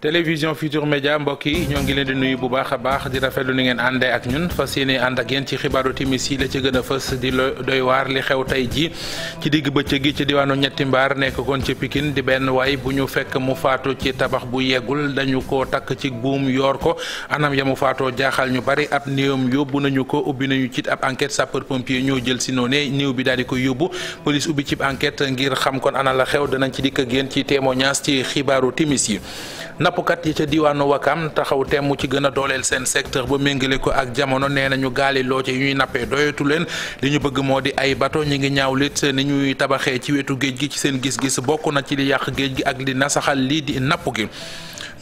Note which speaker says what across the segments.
Speaker 1: télévision Futur Média mbokk yi ñoo ngi leen di nuyu bu baax a baax di rafetlu ni ngeen àndee ak ñun fas yéene ànd ak yéen ci xibaaru timis yi la ci gën a fës di doy waar li xew tey ji ci digg bëccëg gi ci diwaanu ñetti mbaar nekk kon ci Pikine di benn waay bu ñu fekk mu faatu ci tabax bu yeggul dañu ko takk ci buum yoor ko anam ya mu faatoo jaaxal ñu bari ab néewam yóbbu nañu ko ubbi nañu ci ab enquête sapeur pompier ñoo jël si noone néew bi daal di ko yóbbu police ubbi cib enquête ngir xam kon ana la xew danañ ci dikk ak yéen ci témoignage ci xibaaru timis yi nappkat yi ca diwaanu Wakam taxaw temm mu ci gën a dooleel seen secteur ba méngale ko ak jamono nee nañu gaali looce ñuy nappee doyatu leen li ñu bëgg moo di ay bato ñi ngi ñaaw lit ni ñuy tabaxee ci wetu géej gi ci seen gis-gis bokk na ci li yàq géej gi ak li nasaxal lii di napp gi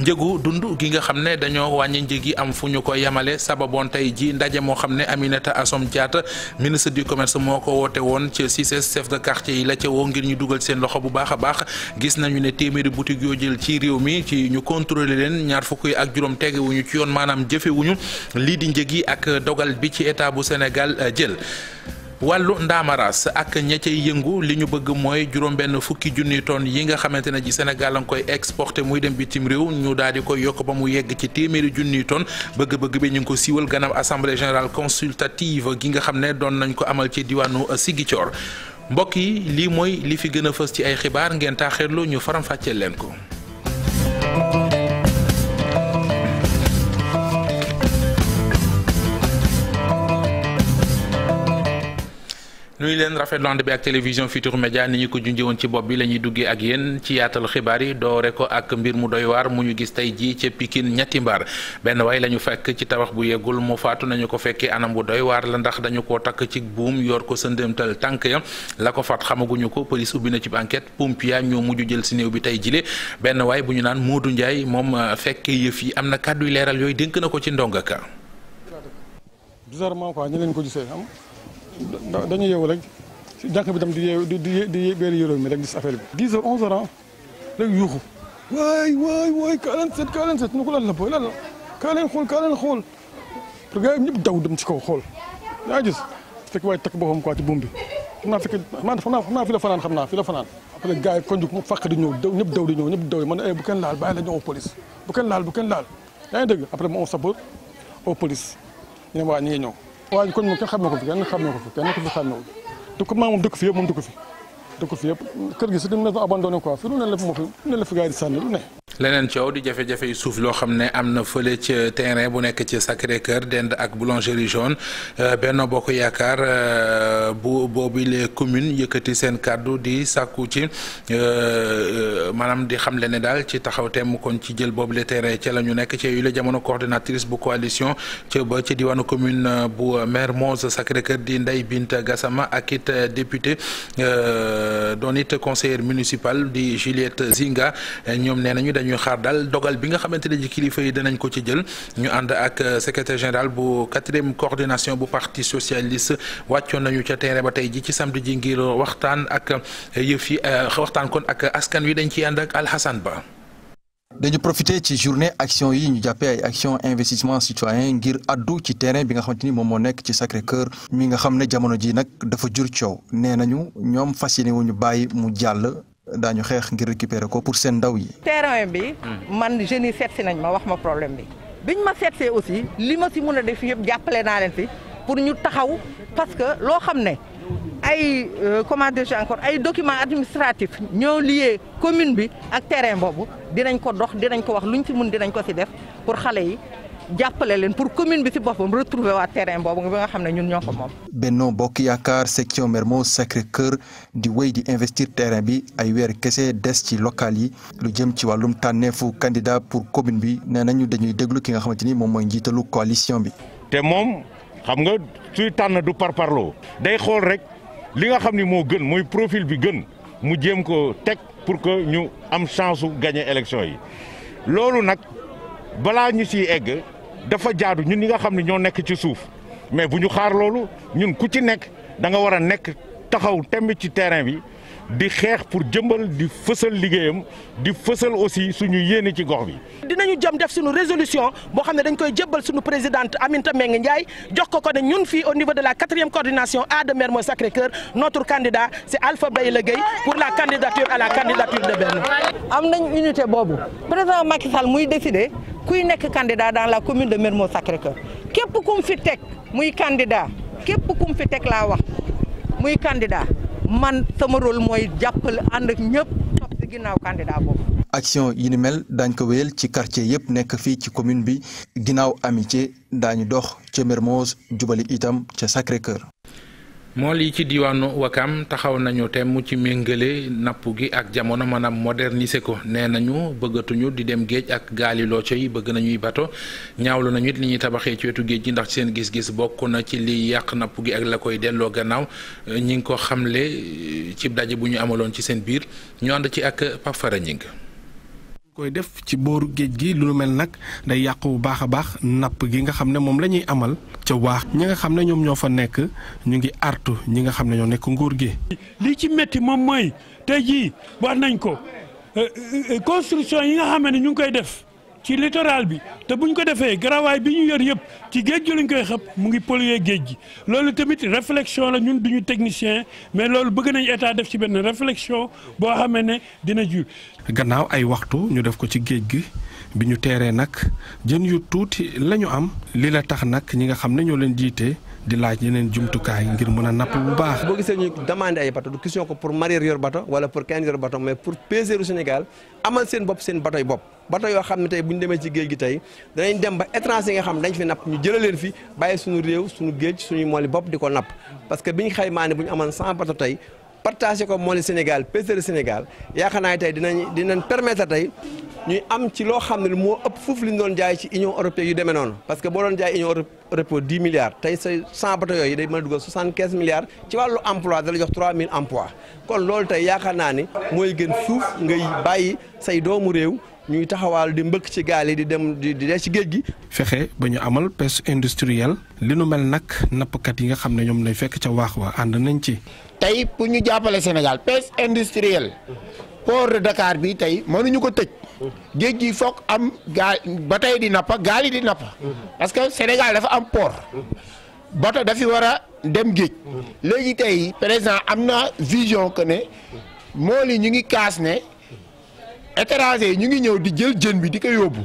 Speaker 1: njëgu dund gi nga xam ne dañoo wàññi njëg yi am fu ñu ko yemale sababoon tey ji ndaje moo xam ne Aminata Assome Diatta ministre du commerce moo ko woote woon ci CICES chef de quartier yi la ca woo ngir ñu dugal seen loxo bu baax a baax gis nañu ne téeméeri boutique yoo jël ci réew mi ci ñu contrôler leen ñaar fukk yi ak juróom tegewuñu ci yoon maanaam jëfewuñu lii di njëg yi ak dogal bi ci état bu senegal euh, jël wàllu ndaamaraas ak ña cay yëngu li ñu bëgg mooy juróom-benn fukki junni tonnes yi nga xamante ne ji Sénégal nga koy exporté muy dem bitim réew ñu daal di koy yokk ba mu yegg ci téeméeri junni tonnes bëgg-bëgg bi ñu ngi ko siiwal gannaaw assemblée générale consultative gi nga xam ne doon nañ ko amal ci diwaanu Ziguinchor mbokk yi lii mooy li fi gën a fës ci ay xibaar ngeen taaxeerlu ñu faram fàccee leen ko. nuyu leen rafet ànd bi ak télévision Futur Média ni ñu ko junjëwoon ci bopp bi la ñuy duggee ak yéen ci yaatal xibaar yi doore ko ak mbir mu doy waar mu ñu gis tey jii ca Pikine ñetti mbaar benn waay la ñu fekk ci tabax bu yeggul mu faatu nañu ko fekkee anam bu doy waar la ndax dañu koo takk ci buum yor ko sëndëmtal tànk ya la ko faat xamaguñu ko police ubbi na ci enquête pompier ñoo mujj jël si néew bi tey jile benn waay bu ñu naan Modou Ndiaye moom euh, fekk yëf am na kàddu leeral yooyu dénk na ko ci ndonga ka
Speaker 2: bizarrement quoi
Speaker 3: dañu yeewu rek si jànk bi tam di yeewu di di di beeri yoroon mi rek bi. di heures 11 heures ah rek yuuxu waay waay waay kaa leen seet kaa leen ko lan la booy lan la kaa leen xool kaa pour gars yi ñëpp daw dem ci kaw xool yaa gis fekk waaye takk bi xam naa fekk xam naa fi la fanaan xam naa di ñëw daw ñëpp daw di ñëw ñëpp daw man ay eh, bu kenn laal bàyyi la ñëw police bu kenn laal bu kenn laal yaa ngi dégg après mo on sapeur au police ñu ne waa ñi waaye kon moom kenn xamee ko fi kenn xamee ko fi kenn ko fi
Speaker 2: xamee du ko maa moom dëkk fi yëpp moom dëkk fi dëkk fi yëpp kër gi c'est une maison abandonnée quoi fi lu ne la moo fi lu ne la fi gars yi di sànni lu ne
Speaker 1: leneen coow di jafe-jafe suuf loo xam ne am na fële ca terrain bu nekk ci sacré kër dend ak boulangerie jaune euh, Benno Bokk Yaakaar euh, bu boobu les communes yëkkati seen kàddu di sàkku ci euh, maanaam di xamle ne daal ci taxaw temm kon ci jël boobu les terrain ca la ñu nekk ci yu la jamono coordinatrice bu coalition ca ba ci diwaanu commune bu Mermoz sacré kër di Ndeye bint Gassama ak it député doon it conseiller municipal di Juliette Zinga ñoom nee nañu ñuy xaar daal dogal bi nga xamante ne ji kilifa yi danañ ko ci jël ñu ànd ak euh, secrétaire général bu quatrième coordination bu parti socialiste wàccoon nañu ca terrain ba tey ji ci samedi ji ngir waxtaan ak euh, yëf yi euh, waxtaan kon ak askan wi dañ ci ànd ak Alhassane Ba.
Speaker 3: dañu profité ci journée action yi ñu jàppee ay action investissement citoyen ngir addu ci terrain bi nga xamante ni moom moo nekk ci Sacré Cœur mi nga xam ne jamono ji nag dafa jur coow nee nañu ñoom fas yéene ñu bàyyi mu daañu xeex ngir récupérer ko pour seen ndaw yi.
Speaker 4: terrain bi. Hmm. man jeunes yi seet nañ ma wax ma problème bi biñ ma seet aussi li ma si mun a def yëpp jàppale naa leen si pour ñu taxaw parce que loo xam ne ay euh, comment dirais-je encore ay document administratifs ñoo lié commune bi ak terrain boobu dinañ ko dox dinañ ko wax lu ñu si mun dinañ ko si def pour xale yi. jàppale leen pour commune bi ci boppam retrouver waa terrain boobu bi nga xam ne ñun ñoo ko moom.
Speaker 3: Benno Bokk Yaakaar section Mermoz Sacré-Cœur di wéy di investir terrain bi ay weer kese des ci local yi lu jëm ci wàllum tànnee tànneefu candidat pour commune bi nee nañu dañuy déglu ki nga xamante ni moom mooy njiitalu coalition bi.
Speaker 2: te moom xam nga suy tànn du parparloo day xool rek li nga xam ni moo gën muy profil bi gën mu jéem ko teg pour que ñu am chance su gagner élection yi loolu nag balaa ñu siy egg. dafa jaadu ñun ñi nga xam ne ñoo nekk ci suuf mais bu ñu xaar loolu ñun ku ci nekk da nga war a nekk taxaw temb ci terrain bi di xeex pour jëmbal di fësal liggéeyam di fësal aussi su ñu yéene ci gox bi.
Speaker 4: dinañu jëm def suñu résolution boo xam ne dañ koy jëmbal suñu présidente Aminata Mbengue Ndiaye jox ko ko ne ñun fii au niveau de la quatrième coordination A de Mermoz Sacré-Cœur notre candidat c'est Alpha Bayla Gueye pour la candidature à la candidature de Benno. am nañ unité boobu président Macky Sall muy décidé. kuy nekk candidat dans la commune de Mermoz Sacré-Cœur képp kum fi teg muy candidat képp kum fi teg laa wax muy candidat man sama rôle mooy jàppale ànd ak ñëpp topp si ginnaaw candidat boobu.
Speaker 3: action yi ni mel daañ ko wéyal ci quartier yëpp nekk fii ci commune bi ginnaaw amitié daañu dox ca Mermoz jubali itam ca Sacré-Cœur. mool
Speaker 1: yi ci diwaanu Wakam taxaw nañu temm ci méngale napp gi ak jamono maanaam moderniser ko nee nañu bëggatuñu di dem géej ak gaali yi bëgg nañuy bato ñaawlu nañu it li ñuy tabaxee ci wetu géej gi ndax ci seen gis-gis bokk na ci liy yàq napp gi ak la koy delloo gannaaw ñi ngi ko xamle ci daje bu ñu amaloon ci seen biir ñoo ànd ci ak Pape Fara
Speaker 2: koy def ci booru géej gi lu mel nag day yàqu bu baax a baax napp gi nga xam ne moom la ñuy amal ca waax ñi nga xam ne ñoom ñoo fa nekk ñu ngi artu ñi nga xam ne ñoo nekk nguur gi. lii ci métti moom mooy tey jii war nañ ko euh, euh, construction yi nga xam ne ñu ngi koy def ci littoral bi te bu ñu ko defee garawaay bi ñu yor yëpp ci géej gi lañ koy xëpp mu ngi polluer géej gi loolu tamit réflexion la ñun du duñu technicien mais loolu bëgg nañ état def ci benn réflexion boo xamee ne dina jur. gannaaw ay waxtu ñu def ko ci géej gi bi ñu teeree nag jën yu tuuti la ñu am li la tax nag ñi nga xam ne ñoo leen jiite. di laaj yeneen jumtukaay ngir mën a napp bu baax. boo
Speaker 5: gisee ñu demandé ay bato du question ko pour mareyeur yor bato wala pour kenn yor bato mais pour pêcheurs Sénégal amal seen bopp seen bato yi bopp bato yoo xam ne tey bu ñu demee ci géej gi tey danañ dem ba étranger yi nga xam ne dañ fi napp ñu jëlee leen fi bàyyi suñu réew suñu géej suñuy mooli bopp di ko napp parce que biñ xaymaa ne bu ñu amoon 100 bato tey partagé ko mooli Sénégal pêcheurs Sénégal yaakaar naa tey dinañ dinañ ñuy am ci loo xam ne moo ëpp fuuf li ñu doon jaay ci union européenne yu demee noonu parce que boo doon jaay union européenne 10 milliards tey say 100 bateaux yooyu day mën a dugal 75 milliards ci wàllu emploi dala jox 3000 emplois kon loolu tey yaakaar naa ni mooy gën fuuf ngay bàyyi say doomu réew ñuy taxawaal di mbëkk ci gaal yi di dem di dee ci géej gi.
Speaker 6: fexe
Speaker 2: ba ñu amal pêche industrielle li nu mel nag nappkat yi nga xam ne ñoom lay fekk ca waax wa ànd nañ ci. tey pour ñu jàppale Sénégal pêche industrielle. port de Dakar bi tey ñu ko tëj mm-hmm. géej gi foog am gaal ba tey di nappa gaal yi di nappa mm-hmm. parce que Sénégal dafa am port
Speaker 7: mm-hmm.
Speaker 2: bato dafi war a dem géej léegi tey président am na vision que ne mool yi ñu ngi kaas ne étranger ñu ngi ñëw di jël jën bi di ko yóbbu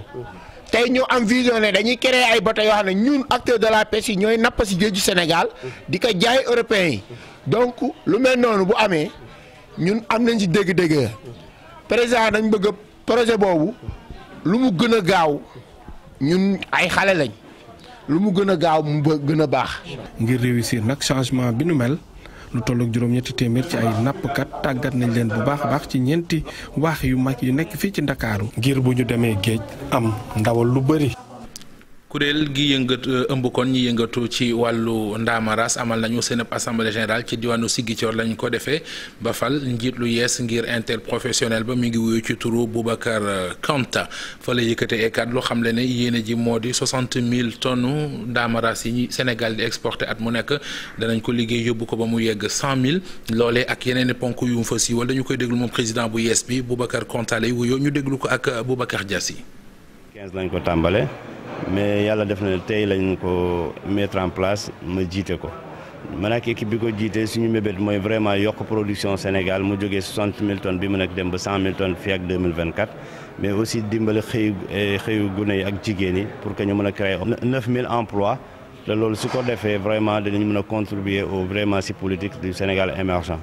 Speaker 2: tey ñu am vision ne dañuy créer ay bato yoo xam ne ñun acteur de la pêche yi ñooy nappa si géeju Sénégal di ko jaay européens yi donc lu mel noonu bu amee ñun am nañ ci dégg-dégg président dañ bëgg projet boobu lu mu gën a gaaw ñun ay xale lañ lu mu gën a gaaw mu gën a baax. ngir réussir nag changement bi nu mel lu toll ak juróom-ñetti téeméer ci ay nappkat tàggat nañ leen bu baax a baax ci ñeenti wax yu mag yi nekk fii ci Ndakaaru ngir bu ñu demee géej am ndawal lu bëri.
Speaker 1: kuréel gi yëngatu euh, ëmb kon ñi yëngatu ci wàllu ndaamaras amal nañu seen assemblée générale ci diwaanu Ziguinchor lañ ko defee ba fal njiit lu yees ngir professionnel ba mi ngi wuyu ci turu Boubacar euh, Kanta fa la yëkkatee ekat lu xam le ne yéene ji moo di soixante mille tonnes ndaamaras yi Sénégal di exporte at mu nekk danañ ko liggéey yóbbu ko ba mu yegg cent mille loolee ak yeneen ponk yu mu fa wala dañu koy déglu moom président bu yees bi Boubacar Kanta lay wuyoo ñu déglu ko ak Boubacar Diassi.
Speaker 7: 15 lañ ko tàmbale. mais yàlla def na tey lañ ko mettre en place ma jiite ko man ak équipe bi ko jiite suñu mébét mooy vraiment yokk production Sénégal mu jógee soixante mille tonnes bi mu nekk dem ba cent mille tonnes fii ak deux mille vingt quatre mais aussi dimbali xëyu eh, xëyu gune yi ak jigéen yi pour que ñu mën a créer neuf mille emplois te loolu su ko defee vraiment dinañ mun a contribuer au vraiment si politique du Sénégal émergent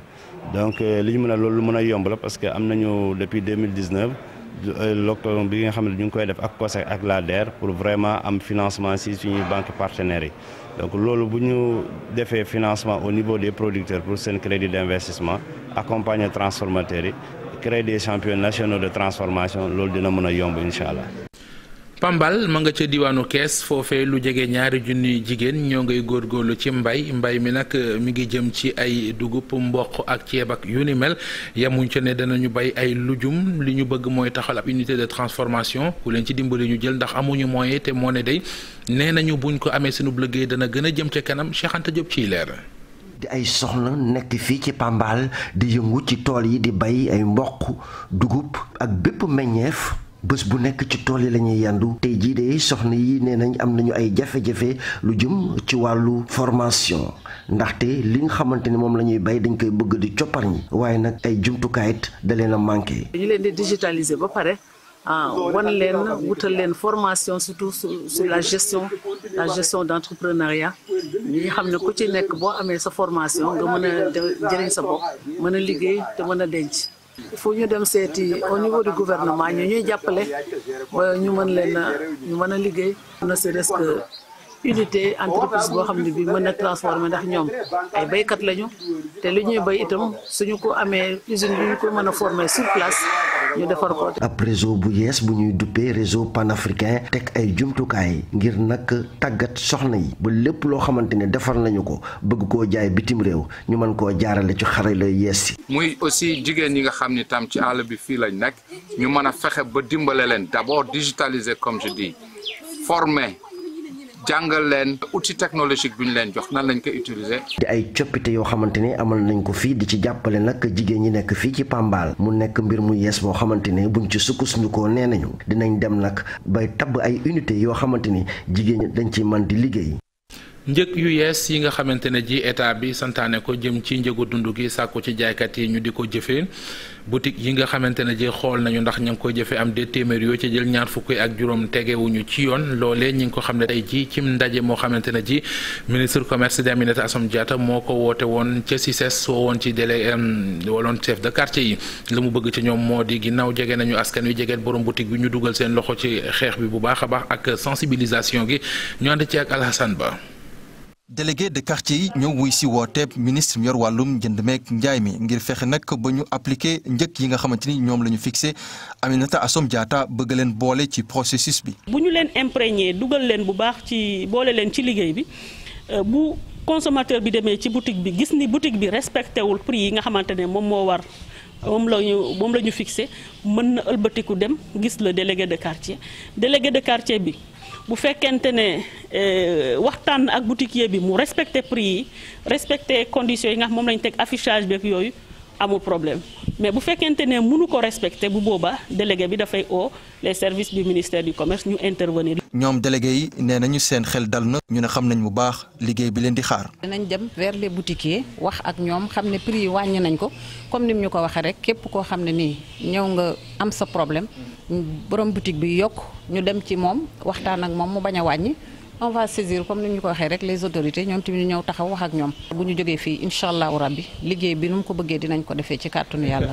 Speaker 7: donc eh, li ñu mën a loolu mën a yomb la parce que am nañu depuis deux Euh, lëkkaloo bi nga xam ne ñu ngi koy def ak COSEC ak la der pour vraiment am financement si suñuy banque partenaires yi donc loolu bu ñu defee financement au niveau des producteurs pour seen crédit d'investissement accompagner transformateurs yi créer des champions de transformation loolu dina mun a yomb incha allah
Speaker 1: Pambal ma nga ca diwaanu Kees foofee lu jege ñaari junni jigéen ñoo ngay góorgóorlu ci mbay mbay mi nag eh, mi ngi jëm ci ay dugub mboq ak ceeb ak yu ni mel yemuñ ca ne dana ñu bay ay lujum li ñu bëgg mooy taxal ab unité de transformation ku leen ci dimbali ñu jël ndax amuñu moyen te moo ne day nee nañu buñ ko amee sunu liggéey dana gën a jëm ca kanam Cheikh Anta Diop ciy leer.
Speaker 5: di ay soxna nekk fii ci Pambal di yëngu ci tool yi di bay ay mboq dugub ak bépp meññeef. bés bu nekk ci tool yi la ñuy yandu tey jii de soxna yi nee nañ am nañu ay jafe-jafe lu jëm ci wàllu formation ndaxte li nga xamante ni moom la ñuy bay dañ koy bëgg di coppar ñi waaye nag ay jumtukaayit da leen a manqué.
Speaker 4: leen di digitaliser ba pare ah, wan leen wutal leen formation surtout sur la gestion la gestion d'entrepreneuriat ñi nga xam ne ko ci nekk boo amee sa formation nga mën a jëriñ sa bopp mën a liggéey te mën a denc. il faut ñu dem seeti au niveau du gouvernement ñu ñuy jàppale ba ñu mën leen a ñu mën a liggéey na c'est presque unité entreprise boo xam ne bi mën a transformer ndax ñoom ay béykat lañu te li ñuy bay itam suñu ko amee usine bi ñu ko mën a former sur place ñu defar ko. ab
Speaker 5: réseau bu yees bu ñuy duppee réseau panafricain teg ay jumtukaay ngir nag tàggat soxna yi ba lépp loo xamante ne defar nañu ko bëgg koo jaay bitim réew ñu mën koo jaarale ci xarala yees yi.
Speaker 1: muy aussi jigéen ñi nga xam ni tam ci àll bi fii lañ nekk ñu mën a fexe ba dimbale leen d'abord digitaliser comme je dis former. jàngal leen outil technologique bi leen jox nan lañu ko utiliser.
Speaker 5: di ay coppite yoo xamante ne amal nañ ko fii di ci jàppale nag jigéen ñi nekk fii ci Pambal mu nekk mbir mu yees boo xamante ne buñ ci sukkus ñu ko nee nañu dinañ dem nag bay tabb ay unité yoo xamante ni jigéen ñi dañ ci man di liggéey.
Speaker 1: njëg yu yees yi nga xamante ne ji état bi santaane ko jëm ci njëgu dund gi sàkku ci jaaykat yi ñu di ko jëfe boutique yi nga xamante ne ji xool nañu ndax ña ngi koy jëfee am de téeméer yoo ci jël ñaar fukki ak juróom tegewuñu ci yoon loolee ñi ngi ko xam ne tey ji cim ndaje moo xamante ne ji ministre commerce de Aminata Assome Diatta moo ko woote woon ca CICES woo woon ci délégué euh, waloon chef de quartier yi la mu bëgg ci ñoom moo di ginnaaw jege nañu askan wi jege borom boutique bi ñu dugal seen loxo ci xeex bi bu baax a baax ak sensibilisation gi ñu ànd ci ak Ba
Speaker 3: délégué de quartier yi ñoo wuy si wooteeb ministre yor wàllum njënd meek njaay mi ngir fexe nag ba ñu appliqué njëkk yi nga xamante ni ñoom la ñu fixé Aminata Assome Diatta bëgg leen boole ci processus bi.
Speaker 4: bu ñu leen imprégné dugal leen bu baax ci boole leen ci liggéey bi euh, bu consommateur bi demee ci boutique bi gis ni boutique bi respecté wul prix yi nga xamante ne moom moo war. moom la ñu moom la ñu fixé mën na ëlbatiku dem gis la délégué de quartier délégué de quartier bi. bu fekkente ne euh, waxtaan ak boutiquier bi mu respecté prix yi respecté conditions yi nga moom lañ teg affichage beeg yooyu amul problème mais bu fekkente ne mënu ko respecter bu booba délégué bi dafay o les services du ministère du commerce ñu intervenir.
Speaker 3: ñoom délégué yi nee nañu seen xel dal na ñu ne xam nañ bu baax liggéey bi leen di xaar.
Speaker 4: danañ dem vers les boutiquiers wax ak ñoom xam ne prix yi wàññi nañ ko comme ni ñu ko waxee rek képp koo xam ne nii ñëw nga am sa problème borom boutique bi yokk ñu dem ci moom waxtaan ak moom mu bañ a wàññi. on va saisir comme ni ñu ko waxee rek les autorités ñoom tamit ñu ñëw taxaw wax ak ñoom. bu ñu jógee fii incha allahu rabbi liggéey bi nu ko bëggee dinañ ko defee ci kàttanu yàlla.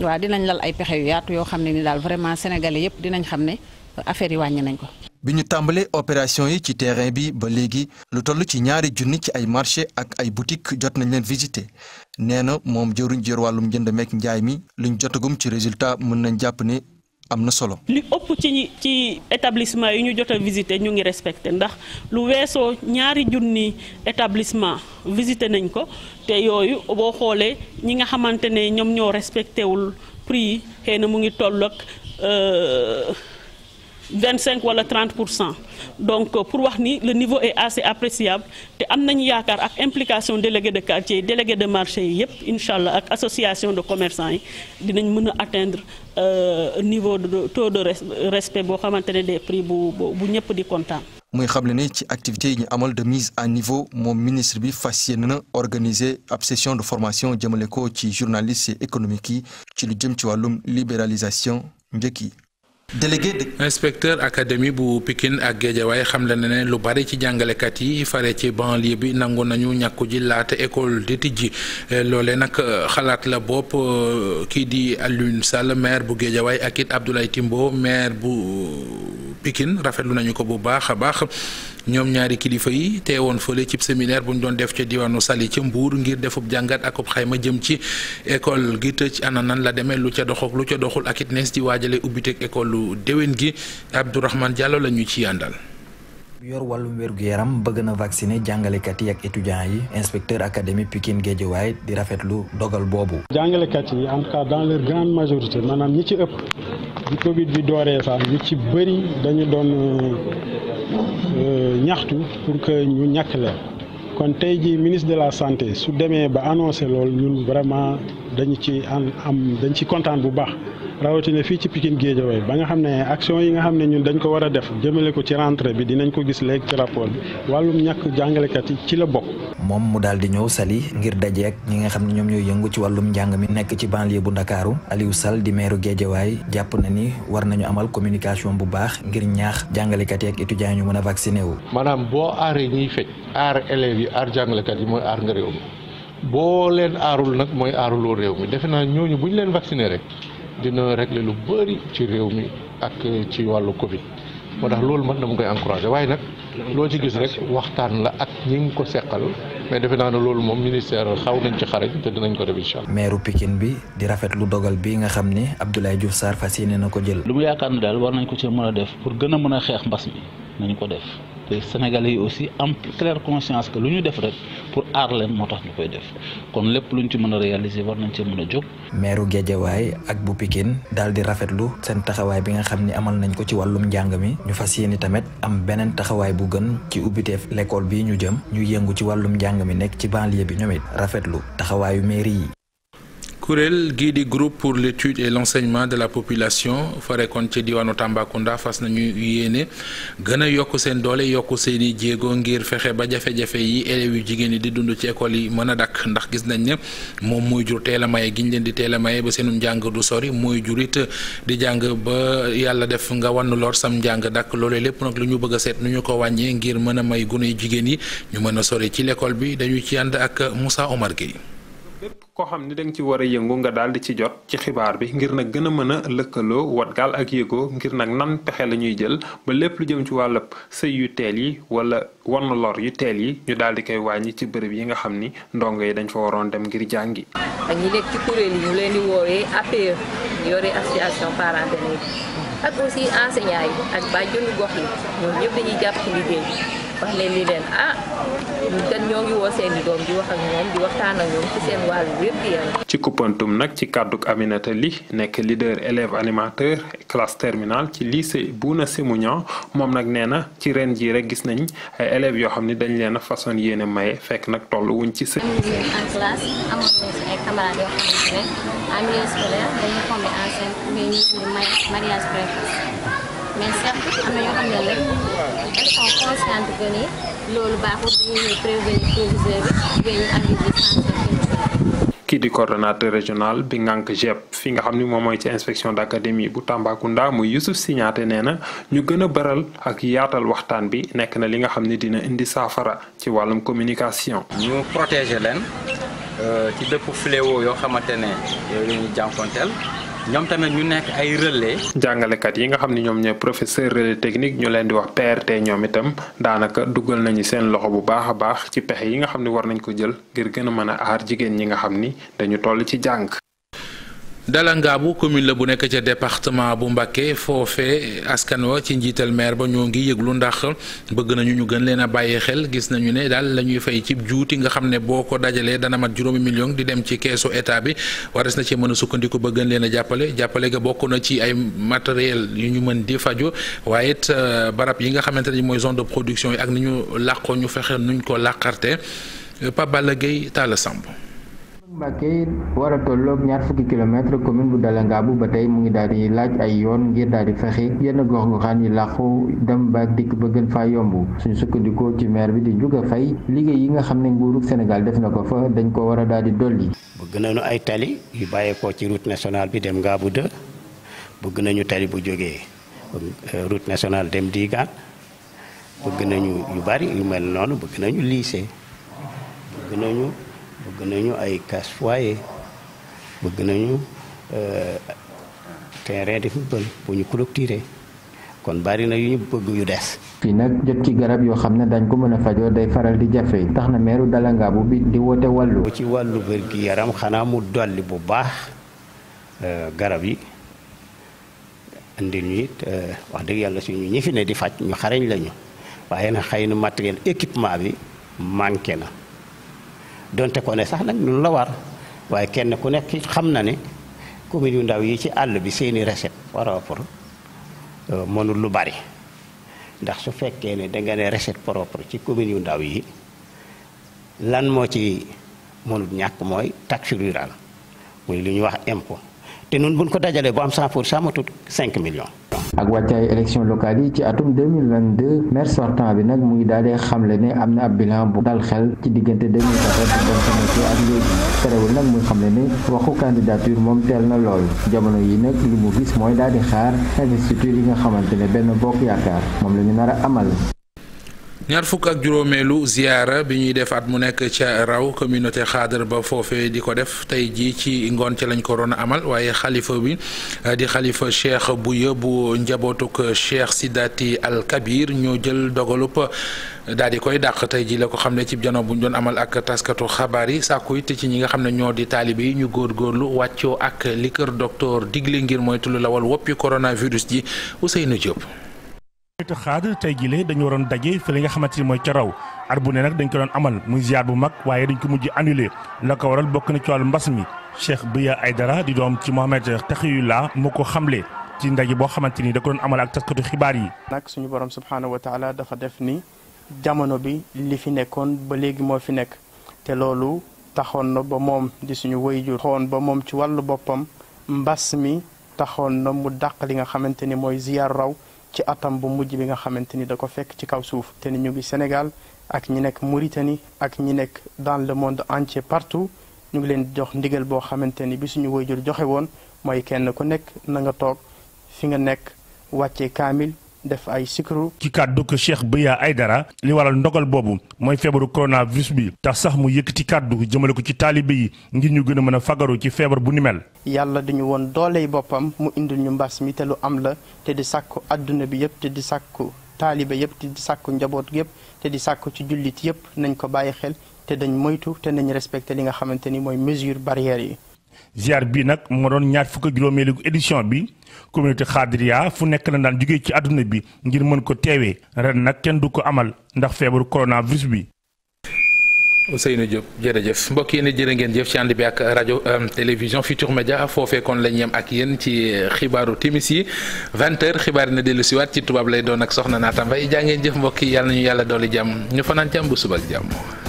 Speaker 4: waaw dinañ lal ay pexe yu yaatu yoo xam ne ni daal vraiment sénégalais yëpp dinañ xam ne affaire yi wàññi nañ ko.
Speaker 3: bi ñu tàmbalee opération yi ci terrain bi ba léegi lu toll ci ñaari junni ci ay marché ak ay boutique jot nañ leen visité nee na moom jëruñ jër wàllum jënd meek njaay mi luñ jotagum ci résultat mën nañ jàpp ne. am na solo.
Speaker 4: li ëpp ci ñi ci établissement yi ñu jot a visité ñu ngi respecté ndax lu weesoo ñaari junni établissement visité nañ ko te yooyu boo xoolee ñi nga xamante ne ñoom ñoo respecté wul prix yi xëy na mu ngi toll ak. Euh, 25 wala 30 pour cent donc euh, pour wax ni le niveau est assez appréciable te am nañu yaakaar ak implication délégué de quartier délégué de marché yi yëpp incha allah ak association de commerçants yi dinañ mën a atteindre euh, niveau de taux de respect boo xamante ne des prix bu bu ñëpp di kontaan.
Speaker 3: muy xamle ne ci activité yi ñu amal de mise à niveau moom ministre bi fas yéene na organiser ab session de formation jëmale ko ci journaliste économique yi ci lu jëm ci wàllum libéralisation njëkk yi.
Speaker 1: délégué de. inspecteur académie bu Pikine ak Guédiawaye xam le na ne lu bari ci jàngalekat yi fare ci banlieue bi nangu nañu ñàkku ji laata école di tijji eh, loole nag eh, xalaat la bopp eh, kii di Alioune Sall maire bu Guédiawaye ak it Abdoulaye Timbo maire bu Pikine rafetlu nañu ko bu baax a baax. ñoom ñaari kilifa yi teewoon fële cib séminaire bu ñu doon def ca diwaanu Saly ca Mbour ngir defub jàngat akub xayma jëm ci école gi tëj ana nan la demee lu ca doxook lu ca doxul ak it nees di waajalee ubbiteeg école lu déwén gi Abdourahmane Diallo la ñu ci yàndal
Speaker 5: yor wàllum wér-gu-yaram bëgg na vacciner jàngalekat yi ak étudiants yi inspecteur académie Pikine Guédiawaye di rafet lu dogal boobu.
Speaker 6: jàngalekat yi en tout dans leur grande majorité maanaam ñi ci ëpp bi Covid bi dooree sax ñu ci bëri dañu doon euh, ñaxtu pour que ñu ñàkk leen kon tey jii ministre de la santé su demee ba annoncé loolu ñun vraiment dañu ci am am dañ ci kontaan bu baax. rawatina fii ci Pikine Guédiawaye ba nga xam ne action yi nga xam ne ñun dañ ko war def jëmale ko ci rentrée bi dinañ ko gis léegi
Speaker 5: ci rapport bi wàllum ñàkk jàngalekat yi ci la bokk. moom mu daal di ñëw Saly ngir dajeek ñi nga xam ne ñoom ñooy yëngu ci wàllum njàng mi nekk ci banlieue bu Ndakaaru Aliou sal di meeru Guédiawaye jàpp na ni war nañu amal communication bu baax ngir ñaax jàngalekat yi ak étudiants ñu mën a vacciné wu.
Speaker 2: maanaam boo aaree ñiy fecc aar élèves yi aar jàngalekat yi mooy aar nga boo leen aarul nag mooy aaruloo réew mi defe naa ñooñu bu leen vacciné rek dina régler lu bëri ci réew mi ak ci wàllu Covid moo tax loolu man dama koy encouragé waaye nag
Speaker 1: loo ci gis rek waxtaan la ak ñi ngi ko seqal mais defe naa ne loolu moom ministère xaw nañ ci xarañ te dinañ ko def incha allah.
Speaker 5: maire bi di rafet lu dogal bi nga xam ni Abdoulaye Diouf Sarr fas yéene na ko jël.
Speaker 1: lu mu yaakaar ne daal war nañ ko ci mën a def pour gën a mën a xeex mbas mi. nañu ko def te sénégalais yi aussi am claire conscience que lu ñu def rek pour aar leen moo tax ñu koy def kon
Speaker 5: lépp lu ñu ci mën a réaliser war nañu cee mën a jóg. meeru Guédiawaye ak bu Pikine daal di rafetlu seen taxawaay bi nga xam ni amal nañ ko ci wàllum njàng mi ñu fas yéene tamit am beneen taxawaay bu gën ci ubbiteef lekkool bi ñu jëm ñu yëngu ci wàllum njàng mi nekk ci banlieue bi ñoom it rafetlu taxawaayu mairie yi.
Speaker 1: kuréel gii di groupe pour l'étude et l'enseignement de la population farekoon ci diwaanu Tambacounda fas nañu yéene gën a yokk seen doole yokk seeni jéego ngir fexe ba jafe-jafe yi élèves yu jigéen yi di dund ci école yi mën a dakk ndax gis nañ ne moom mooy jur teel a maye giñ leen di teel a maye ba seenum njàng du sori mooy jurit di jàng ba yàlla def nga wann lor sam njàng dàkk loolee lépp nag lu ñu bëgg seet nu ñu ko wàññee ngir mën a may gune jigéen yi ñu mën a sori ci l'école bi dañu ci ànd ak Moussa Omar Gueye
Speaker 6: koo xam ni da nga ci war a yëngu nga daal di ci jot ci xibaar bi ngir na gën a mën a lëkkaloo Watgal ak Yégo ngir nag nan pexe lañuy jël ba lépp lu jëm ci wàllub sëy yu teel yi wala wann lor yu teel yi ñu daal di koy wàññi ci bërëb yi nga xam ni ndongo yi dañ fa waroon dem ngir jàngi.
Speaker 4: ak ñi nekk ci kuréel yi ñu leen di woowee APE yore association parentale yi aussi enseignants yi ak bàjjenu gox yi ñoom ñëpp dañuy jàpp ci liggéey wax leen ni leen ah, ci
Speaker 6: seen nag ci kàdduk Aminata li nekk leader élève animateur classe terminale ci lycée Bouna Sémignan moom nag nee na ci ren jii rek gis nañ ay eh, élèves yoo xam ni dañ leena a façon yéene maye fekk nag toll wuñ ci së.
Speaker 5: amuñu en classe
Speaker 4: amoon nañ si ay camarades yoo xamante ne en milieu scolaire dañuy tombé enceinte mais ñu ngi may mariage précoce mais certes am na ñoo xam ne rek elles sont conscientes que ni.
Speaker 6: kii di coordonnateur régional bi ngànk JEP fi nga xam ni moom mooy ci inspection d' académie bu Tambacounda muy Youssouf Signaté nee na ñu gën a baral ak yaatal waxtaan bi nekk na li nga xam ni dina indi saafara ci wàllum communication. ñu protéger leen euh, ci dëpp fléau yoo xamante ne yooyu la ñuy ñoom tamit ñu nekk ay relais. jàngalekat yi nga xam ne ñoom ñooy professeur relais technique ñu leen di wax PRT ñoom itam daanaka dugal nañu seen loxo bu baax a baax ci pexe yi nga xam ne war nañ ko jël ngir gën a mën a aar jigéen ñi nga xam ni dañu toll ci jàng.
Speaker 1: Dalangaabu commune la bu nekk ca département bu Mbacké foofee askan wa ci njiital maire ba ñoo ngi yëglu ndax bëgg nañu ñu gën leen a bàyyi xel gis nañu ne daal la ñuy fay cib juuti nga xam ne boo ko dajalee dana mat juróomi million di dem ci keesu état bi wares na ci mën a sukkandiku ba gën leen a jàppale jàppale ga bokk na ci ay matériel yu ñu mën di fajo waaye it euh, barab yi nga xamante ne mooy zone de production yi ak ni ñu làqoo ñu fexe nuñ ko làqarte Pape Balla Gueye Talla Samb
Speaker 3: Mbacke war a tolloog ñaar fukki kilomètre commune bu Dalangaabu ba tey mu ngi daal di laaj ay yoon ngir daal di fexe yenn gox-goxaan yi làqu dem ba dikk ba gën faa yomb suñ sukkandikoo ci maire bi di Ndiouga Faye liggéey yi nga xam ne nguurug Sénégal def na ko fa dañ ko war a daal di
Speaker 7: dolli. bëgg nañu ay tali yu bàyyeekoo ci route nationale bi dem Ngaabu dë bëgg nañu tali bu jógee euh, route nationale dem Digaan bëgg nañu yu bari yu mel noonu bëgg nañu lycée bëgg nañu ay case foyer bëgg nañu euh, terrain de football bu ñu clôturer kon bari na yu ñu bëgg yu des.
Speaker 3: fii nag jot ci garab yoo xam ne dañ ko mën a fajoo day faral di jafe tax na meeru dalangaabu bi di woote wàllu.
Speaker 7: ci wàllu wér gi yaram xanaa mu dolli bu baax euh, garab yi indil ñu it euh, wax dëgg yàlla su ñi fi ne di faj ñu xarañ lañu waaye na xëy na matériel équipement bi manqué na. donte ko ne sax nag ñun la war waaye kenn ku nekk xam na ne commune yu ndaw yi ci àll bi seeni recette par rapport euh, mënul lu bari ndax su fekkee ne da nga ne recette propre ci commune yu ndaw yi lan moo ci mënut ñàkk mooy taxe rural muy lu ñuy wax impôt te nun buñ ko dajalee bu am 100 pour cent matut millions
Speaker 3: ak wàccaay élection locale yi ci atum 2022 maire sortant bi nag mu ngi daal di xamle ne am na ab bilan bu dal xel ci diggante 2014 ak léegi terewul nag muy xamle ne waxu candidature moom teel na lool jamono yi nag li mu gis mooy daal di xaar investiture yi nga xamante ne benn bokk yaakaar moom lañu ñu nar a amal
Speaker 1: ñaar fukk ak juróomeelu ziyaara bi ñuy def at mu nekk ca raw communauté xaadar ba foofee di ko def tey jii ci ngoon ca lañ ko amal waaye xalifa bi eh, di xalifa cheikh bu yëbu njabootuk eh, cheikh Sidati al Kabir ñoo jël dogalub eh, daal di koy dàq tey jii la ko xam ne ci janoo bu ñu doon amal ak taskatu xabaar yi sàkku it ci ñi nga xam ne ñoo di taalibe yi ñu góorlu wàccoo ak li kër docteur digle ngir moytu lu lawal woppi coronavirus ji Ousseynou Diop.
Speaker 2: te xaar tey jii dañu waroon daje fi li nga xamante ni mooy ca raw at ne nag dañ ko doon amal muy ziar bu mag waaye dañ ko mujj annulé la ko waral bokk na ci wàllu mbas mi Cheikh Biya Aydara di doom ci Mohamed Taxiyullah moo ko xamle ci ndaje boo xamante ni da ko doon amal ak taskatu xibaar yi.
Speaker 7: nag suñu borom subhaanahu wa taala dafa def ni jamono bi li fi nekkoon ba léegi moo fi nekk te loolu taxoon na ba moom di suñu wayjur taxoon ba moom ci wàllu boppam mbas mi taxoon na mu dàq li nga xamante ni mooy ziar raw. ci atam bu mujj bi nga xamante ni da ko fekk ci kaw suuf te ni ñu ngi Sénégal ak ñi nekk Mauritanie ak ñi nekk dans le monde entier partout ñu ngi leen di jox ndigal boo xamante ni bi suñu waajur joxe woon mooy kenn ku nekk na nga toog fi nga nekk wàccee kaamil def ay sikru
Speaker 2: ci kàdduk Cheikh ay Aydara li waral ndogal boobu mooy feebaru coronavirus bi tax sax mu yëkk ci kàddu jëmale ko ci taalibe yi ngir ñu gën a mën a fagaru ci feebar bu ni mel.
Speaker 7: yàlla dañu woon dooley boppam mu indil ñu mbas mi te lu am la te di sàkku àdduna bi yëpp te di sàkku taalibe yëpp te di sàkku njaboot yëpp te di sàkku ci jullit yëpp nañ ko bàyyi xel te dañ moytu te nañ respecté li nga xamante ni mooy mesure barrière yi.
Speaker 2: ziar bi nag moo doon ñaar fukk juróomeelu édition bi communauté xaadiriya fu nekk na daan jógee ci àdduna bi ngir mën ko teewee ren nag kenn du ko amal ndax feebaru coronavirus bi.
Speaker 1: Ousseynou Diop jërëjëf mbokk yi ne jërë ngeen jëf ci ànd bi ak rajo euh, télévision Futur Média foofee kon la ñu yem ak yenn ci euh, xibaaru timis yi 20h xibaar na dellu siwaat ci tubaab lay doon ak soxna Naata Mbaye jaa ngeen jëf mbokk yi yàlla ñu yàlla dolli jàmm ñu fanaan jàmm bu suba ak jàmm.